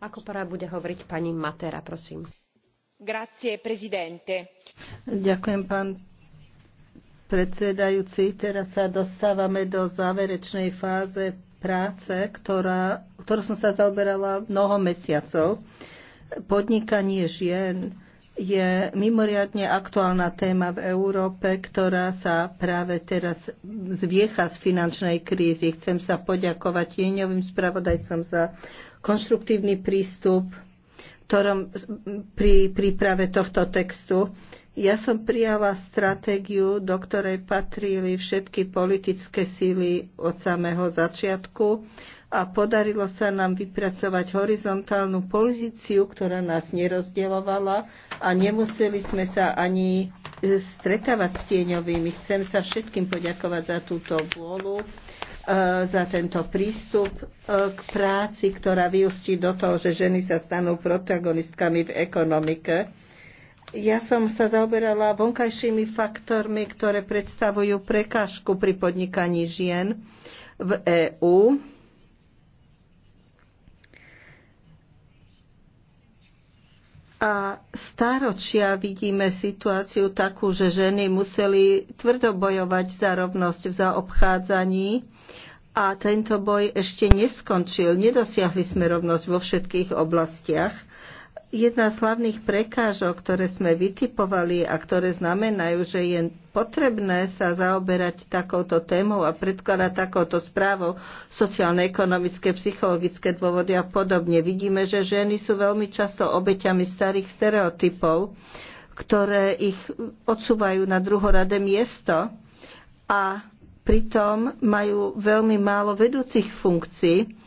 Ako prvá bude hovoriť pani Matera, prosím. Grazie, prezidente. Ďakujem, pán predsedajúci. Teraz sa dostávame do záverečnej fáze práce, ktorá, ktorú som sa zaoberala mnoho mesiacov. Podnikanie žien, je mimoriadne aktuálna téma v Európe, ktorá sa práve teraz zviecha z finančnej krízy. Chcem sa poďakovať jeňovým spravodajcom za konštruktívny prístup ktorom, pri príprave tohto textu. Ja som prijala stratégiu, do ktorej patrili všetky politické síly od samého začiatku a podarilo sa nám vypracovať horizontálnu pozíciu, ktorá nás nerozdielovala a nemuseli sme sa ani stretávať s tieňovými. Chcem sa všetkým poďakovať za túto vôľu, e, za tento prístup e, k práci, ktorá vyústí do toho, že ženy sa stanú protagonistkami v ekonomike. Ja som sa zaoberala vonkajšími faktormi, ktoré predstavujú prekážku pri podnikaní žien v EÚ A staročia vidíme situáciu takú, že ženy museli tvrdo bojovať za rovnosť v zaobchádzaní a tento boj ešte neskončil. Nedosiahli sme rovnosť vo všetkých oblastiach. Jedna z hlavných prekážok, ktoré sme vytipovali a ktoré znamenajú, že je potrebné sa zaoberať takouto témou a predkladať takouto správou sociálne, ekonomické, psychologické dôvody a podobne. Vidíme, že ženy sú veľmi často obeťami starých stereotypov, ktoré ich odsúvajú na druhoradé miesto a pritom majú veľmi málo vedúcich funkcií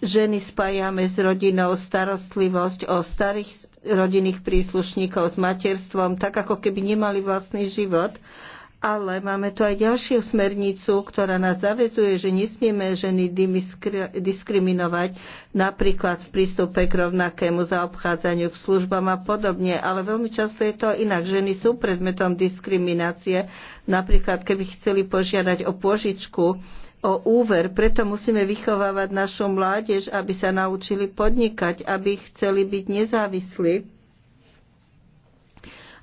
ženy spájame s rodinou, starostlivosť o starých rodinných príslušníkov s materstvom, tak ako keby nemali vlastný život. Ale máme tu aj ďalšiu smernicu, ktorá nás zavezuje, že nesmieme ženy diskriminovať napríklad v prístupe k rovnakému zaobchádzaniu k službám a podobne. Ale veľmi často je to inak. Ženy sú predmetom diskriminácie. Napríklad, keby chceli požiadať o požičku, o úver. Preto musíme vychovávať našu mládež, aby sa naučili podnikať, aby chceli byť nezávislí.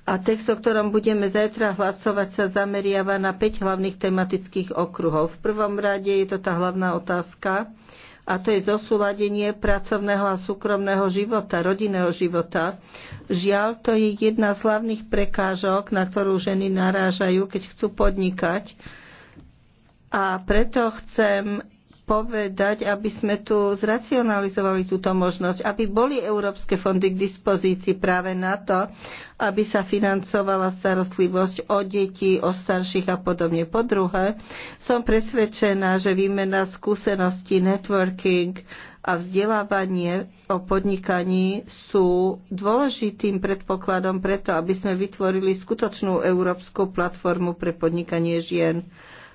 A text, o ktorom budeme zajtra hlasovať, sa zameriava na 5 hlavných tematických okruhov. V prvom rade je to tá hlavná otázka, a to je zosúladenie pracovného a súkromného života, rodinného života. Žiaľ, to je jedna z hlavných prekážok, na ktorú ženy narážajú, keď chcú podnikať a preto chcem povedať, aby sme tu zracionalizovali túto možnosť, aby boli európske fondy k dispozícii práve na to, aby sa financovala starostlivosť o deti, o starších a podobne. Po druhé, som presvedčená, že výmena skúseností, networking a vzdelávanie o podnikaní sú dôležitým predpokladom preto, aby sme vytvorili skutočnú európsku platformu pre podnikanie žien.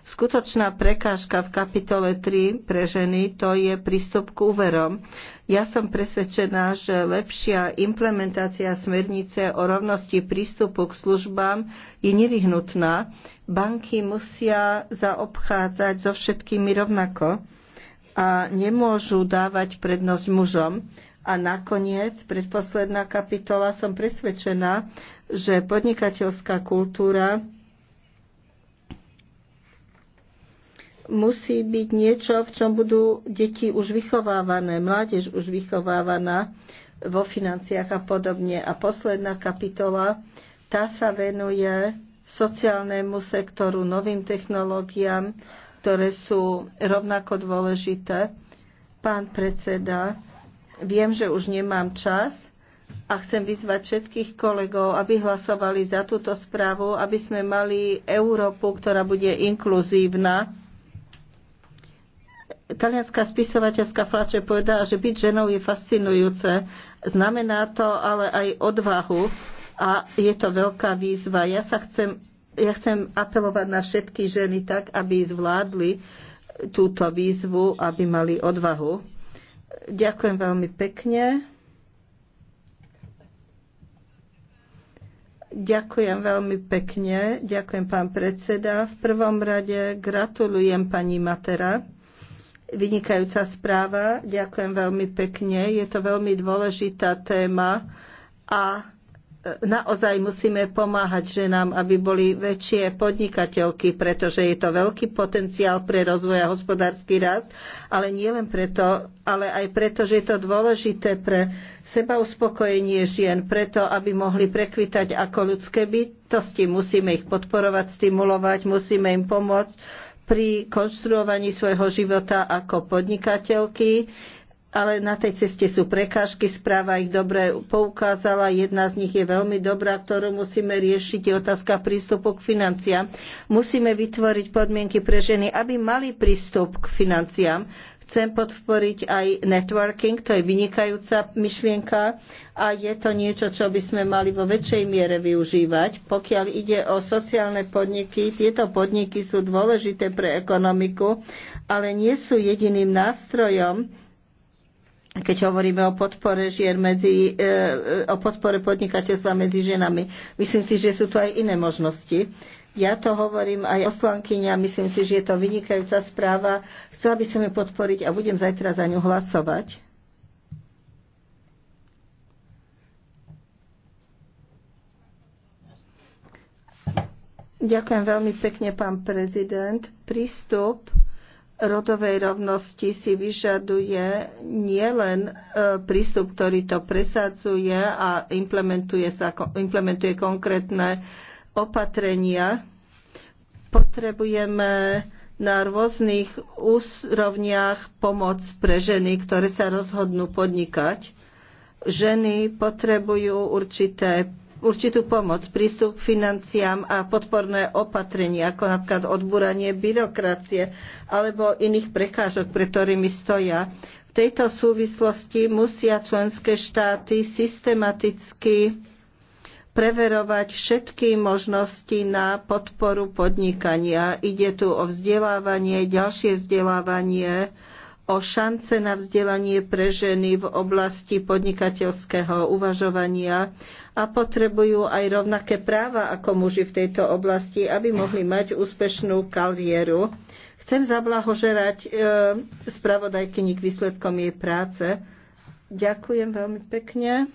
Skutočná prekážka v kapitole 3 pre ženy to je prístup k úverom. Ja som presvedčená, že lepšia implementácia smernice o rovnosti prístupu k službám je nevyhnutná. Banky musia zaobchádzať so všetkými rovnako a nemôžu dávať prednosť mužom. A nakoniec, predposledná kapitola, som presvedčená, že podnikateľská kultúra musí byť niečo, v čom budú deti už vychovávané, mládež už vychovávaná vo financiách a podobne. A posledná kapitola, tá sa venuje sociálnemu sektoru, novým technológiám, ktoré sú rovnako dôležité. Pán predseda, viem, že už nemám čas a chcem vyzvať všetkých kolegov, aby hlasovali za túto správu, aby sme mali Európu, ktorá bude inkluzívna Talianská spisovateľská Flače povedala, že byť ženou je fascinujúce. Znamená to ale aj odvahu a je to veľká výzva. Ja sa chcem, ja chcem apelovať na všetky ženy tak, aby zvládli túto výzvu, aby mali odvahu. Ďakujem veľmi pekne. Ďakujem veľmi pekne. Ďakujem, pán predseda. V prvom rade gratulujem pani Matera Vynikajúca správa, ďakujem veľmi pekne. Je to veľmi dôležitá téma a e, naozaj musíme pomáhať ženám, aby boli väčšie podnikateľky, pretože je to veľký potenciál pre rozvoj a hospodársky rast, ale nie len preto, ale aj preto, že je to dôležité pre seba uspokojenie žien, preto, aby mohli prekvitať ako ľudské bytosti. Musíme ich podporovať, stimulovať, musíme im pomôcť pri konštruovaní svojho života ako podnikateľky, ale na tej ceste sú prekážky, správa ich dobre poukázala, jedna z nich je veľmi dobrá, ktorú musíme riešiť, je otázka prístupu k financiám. Musíme vytvoriť podmienky pre ženy, aby mali prístup k financiám. Chcem podporiť aj networking, to je vynikajúca myšlienka a je to niečo, čo by sme mali vo väčšej miere využívať. Pokiaľ ide o sociálne podniky, tieto podniky sú dôležité pre ekonomiku, ale nie sú jediným nástrojom, keď hovoríme o podpore žier medzi, e, e, o podpore podnikateľstva medzi ženami. Myslím si, že sú tu aj iné možnosti. Ja to hovorím aj oslankyňa, myslím si, že je to vynikajúca správa. Chcela by som ju podporiť a budem zajtra za ňu hlasovať. Ďakujem veľmi pekne, pán prezident. Prístup rodovej rovnosti si vyžaduje nielen e, prístup, ktorý to presadzuje a implementuje, sa, implementuje konkrétne opatrenia. Potrebujeme na rôznych úrovniach pomoc pre ženy, ktoré sa rozhodnú podnikať. Ženy potrebujú určité, určitú pomoc, prístup k financiám a podporné opatrenia, ako napríklad odbúranie byrokracie alebo iných prekážok, pre ktorými stoja. V tejto súvislosti musia členské štáty systematicky preverovať všetky možnosti na podporu podnikania. Ide tu o vzdelávanie, ďalšie vzdelávanie, o šance na vzdelanie pre ženy v oblasti podnikateľského uvažovania a potrebujú aj rovnaké práva ako muži v tejto oblasti, aby mohli mať úspešnú kariéru. Chcem zablahožerať e, spravodajkyni k výsledkom jej práce. Ďakujem veľmi pekne.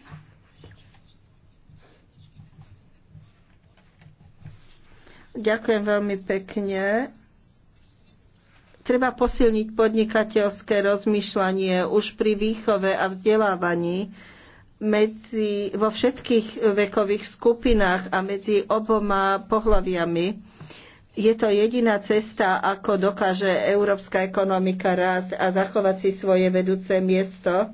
Ďakujem veľmi pekne. Treba posilniť podnikateľské rozmýšľanie už pri výchove a vzdelávaní medzi, vo všetkých vekových skupinách a medzi oboma pohľaviami. Je to jediná cesta, ako dokáže európska ekonomika rásť a zachovať si svoje vedúce miesto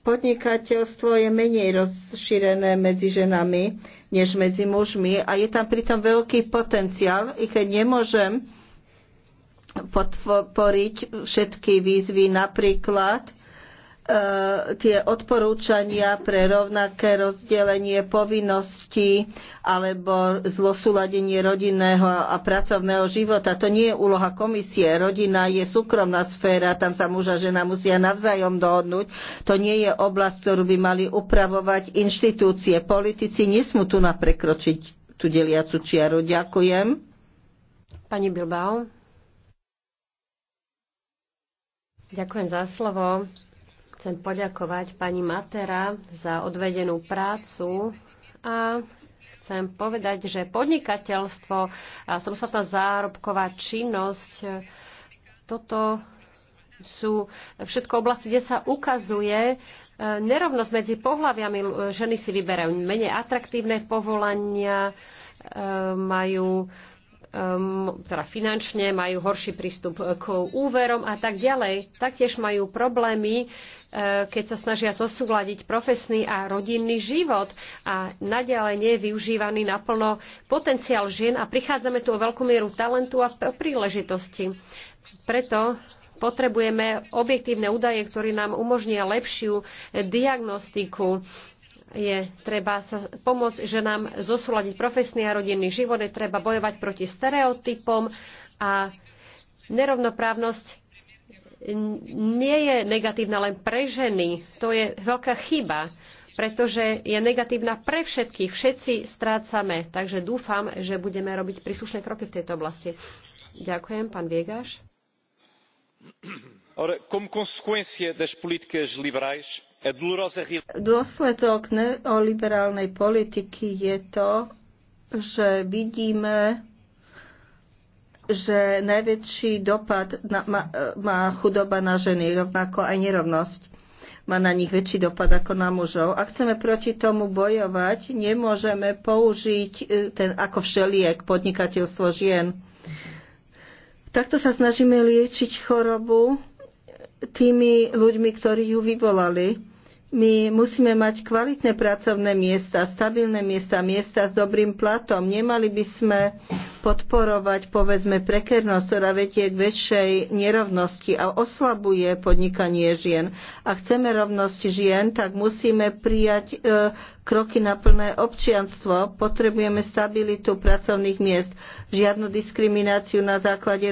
podnikateľstvo je menej rozšírené medzi ženami než medzi mužmi a je tam pritom veľký potenciál, i keď nemôžem podporiť všetky výzvy, napríklad E, tie odporúčania pre rovnaké rozdelenie povinností alebo zlosúladenie rodinného a pracovného života. To nie je úloha komisie. Rodina je súkromná sféra, tam sa muž a žena musia navzájom dohodnúť. To nie je oblasť, ktorú by mali upravovať inštitúcie. Politici nesmú tu naprekročiť tú deliacu čiaru. Ďakujem. Pani Bilbao. Ďakujem za slovo. Chcem poďakovať pani Matera za odvedenú prácu a chcem povedať, že podnikateľstvo a samostatná zárobková činnosť, toto sú všetko oblasti, kde sa ukazuje e, nerovnosť medzi pohľaviami. E, ženy si vyberajú menej atraktívne povolania, e, majú Ehm, teda finančne majú horší prístup k úverom a tak ďalej. Taktiež majú problémy, eh, keď sa snažia zosúľadiť profesný a rodinný život a naďalej nie je využívaný naplno potenciál žien a prichádzame tu o veľkú mieru talentu a príležitosti. Preto potrebujeme objektívne údaje, ktoré nám umožnia lepšiu diagnostiku je treba sa pomôcť ženám zosúľadiť profesný a rodinný život, je treba bojovať proti stereotypom a nerovnoprávnosť nie je negatívna len pre ženy. To je veľká chyba, pretože je negatívna pre všetkých. Všetci strácame. Takže dúfam, že budeme robiť príslušné kroky v tejto oblasti. Ďakujem, pán Viegaš. Ora, como consequência das políticas liberais, Dôsledok neoliberálnej politiky je to, že vidíme, že najväčší dopad na, má, má chudoba na ženy, rovnako aj nerovnosť. Má na nich väčší dopad ako na mužov. Ak chceme proti tomu bojovať, nemôžeme použiť e, ten ako všeliek podnikateľstvo žien. Takto sa snažíme liečiť chorobu tými ľuďmi, ktorí ju vyvolali. My musíme mať kvalitné pracovné miesta, stabilné miesta, miesta s dobrým platom. Nemali by sme podporovať, povedzme, prekernosť, ktorá vedie k väčšej nerovnosti a oslabuje podnikanie žien. A chceme rovnosť žien, tak musíme prijať e, kroky na plné občianstvo. Potrebujeme stabilitu pracovných miest, žiadnu diskrimináciu na základe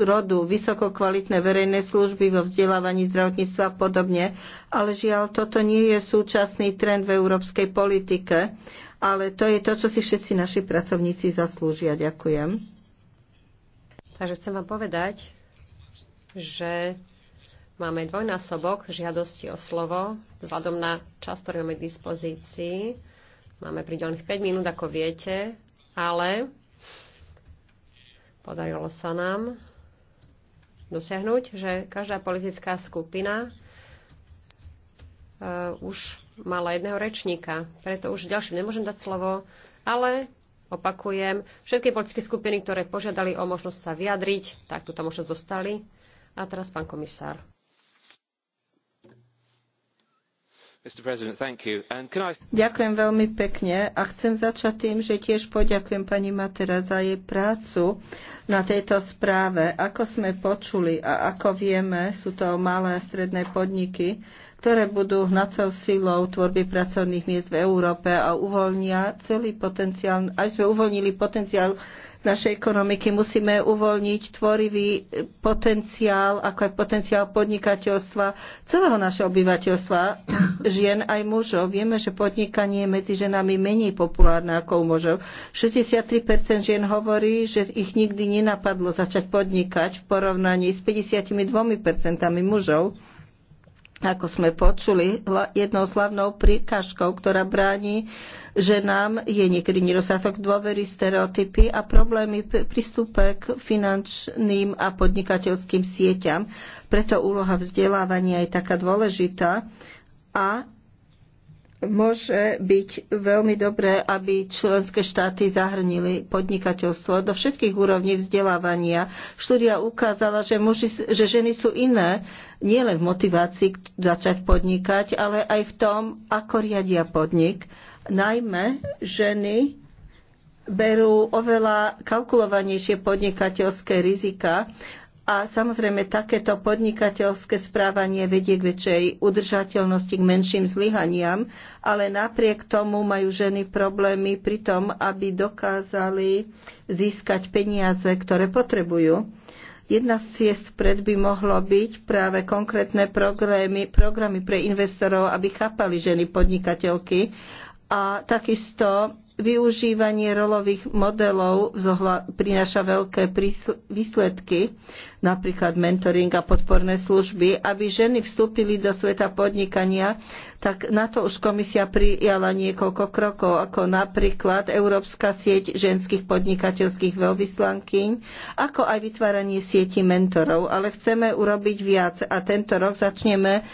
rodu, vysokokvalitné verejné služby vo vzdelávaní zdravotníctva a podobne ale žiaľ, toto nie je súčasný trend v európskej politike, ale to je to, čo si všetci naši pracovníci zaslúžia. Ďakujem. Takže chcem vám povedať, že máme dvojnásobok žiadosti o slovo vzhľadom na čas, ktorý máme k dispozícii. Máme pridelených 5 minút, ako viete, ale podarilo sa nám dosiahnuť, že každá politická skupina Eh, už mala jedného rečníka, preto už ďalším nemôžem dať slovo, ale opakujem, všetky politické skupiny, ktoré požiadali o možnosť sa vyjadriť, tak tu tam možnosť zostali, A teraz pán komisár. I... Ďakujem veľmi pekne a chcem začať tým, že tiež poďakujem pani Matera za jej prácu na tejto správe. Ako sme počuli a ako vieme, sú to malé a stredné podniky, ktoré budú hnacou silou tvorby pracovných miest v Európe a uvoľnia celý potenciál, aj sme uvoľnili potenciál našej ekonomiky, musíme uvoľniť tvorivý potenciál, ako aj potenciál podnikateľstva celého našeho obyvateľstva, žien aj mužov. Vieme, že podnikanie je medzi ženami menej populárne ako u mužov. 63% žien hovorí, že ich nikdy nenapadlo začať podnikať v porovnaní s 52% mužov ako sme počuli, jednou slavnou príkažkou, ktorá bráni že nám je niekedy nedostatok dôvery, stereotypy a problémy prístupe k finančným a podnikateľským sieťam. Preto úloha vzdelávania je taká dôležitá a môže byť veľmi dobré, aby členské štáty zahrnili podnikateľstvo do všetkých úrovní vzdelávania. Štúdia ukázala, že, muži, že ženy sú iné, nielen v motivácii začať podnikať, ale aj v tom, ako riadia podnik. Najmä ženy berú oveľa kalkulovanejšie podnikateľské rizika a samozrejme, takéto podnikateľské správanie vedie k väčšej udržateľnosti, k menším zlyhaniam, ale napriek tomu majú ženy problémy pri tom, aby dokázali získať peniaze, ktoré potrebujú. Jedna z ciest pred by mohlo byť práve konkrétne programy, programy pre investorov, aby chápali ženy podnikateľky a takisto využívanie rolových modelov prináša veľké výsledky, napríklad mentoring a podporné služby. Aby ženy vstúpili do sveta podnikania, tak na to už komisia prijala niekoľko krokov, ako napríklad Európska sieť ženských podnikateľských veľvyslankyň, ako aj vytváranie sieti mentorov. Ale chceme urobiť viac a tento rok začneme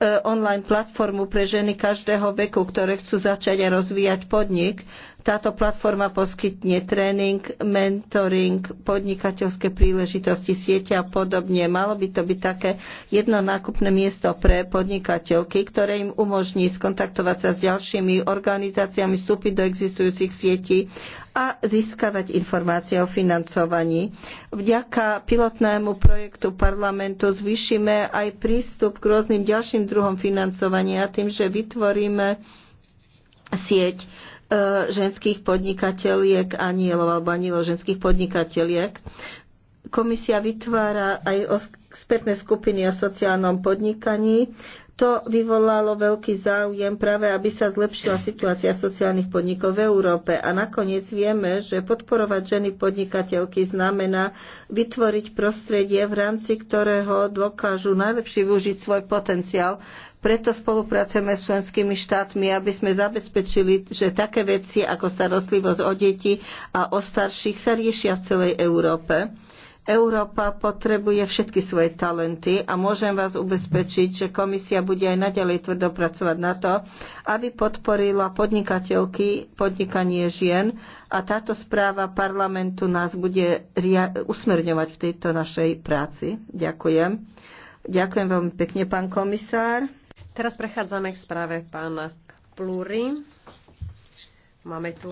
E, online platformu pre ženy každého veku, ktoré chcú začať a rozvíjať podnik. Táto platforma poskytne tréning, mentoring, podnikateľské príležitosti, siete a podobne. Malo by to byť také jedno nákupné miesto pre podnikateľky, ktoré im umožní skontaktovať sa s ďalšími organizáciami, vstúpiť do existujúcich sietí a získavať informácie o financovaní. Vďaka pilotnému projektu parlamentu zvýšime aj prístup k rôznym ďalším druhom financovania tým, že vytvoríme sieť e, ženských podnikateliek, anielov alebo anielov ženských podnikateliek. Komisia vytvára aj expertné skupiny o sociálnom podnikaní, to vyvolalo veľký záujem práve, aby sa zlepšila situácia sociálnych podnikov v Európe. A nakoniec vieme, že podporovať ženy podnikateľky znamená vytvoriť prostredie, v rámci ktorého dokážu najlepšie využiť svoj potenciál. Preto spolupracujeme s členskými štátmi, aby sme zabezpečili, že také veci ako starostlivosť o deti a o starších sa riešia v celej Európe. Európa potrebuje všetky svoje talenty a môžem vás ubezpečiť, že komisia bude aj naďalej tvrdo pracovať na to, aby podporila podnikateľky, podnikanie žien a táto správa parlamentu nás bude usmerňovať v tejto našej práci. Ďakujem. Ďakujem veľmi pekne, pán komisár. Teraz prechádzame k správe pána Plúry. Máme tu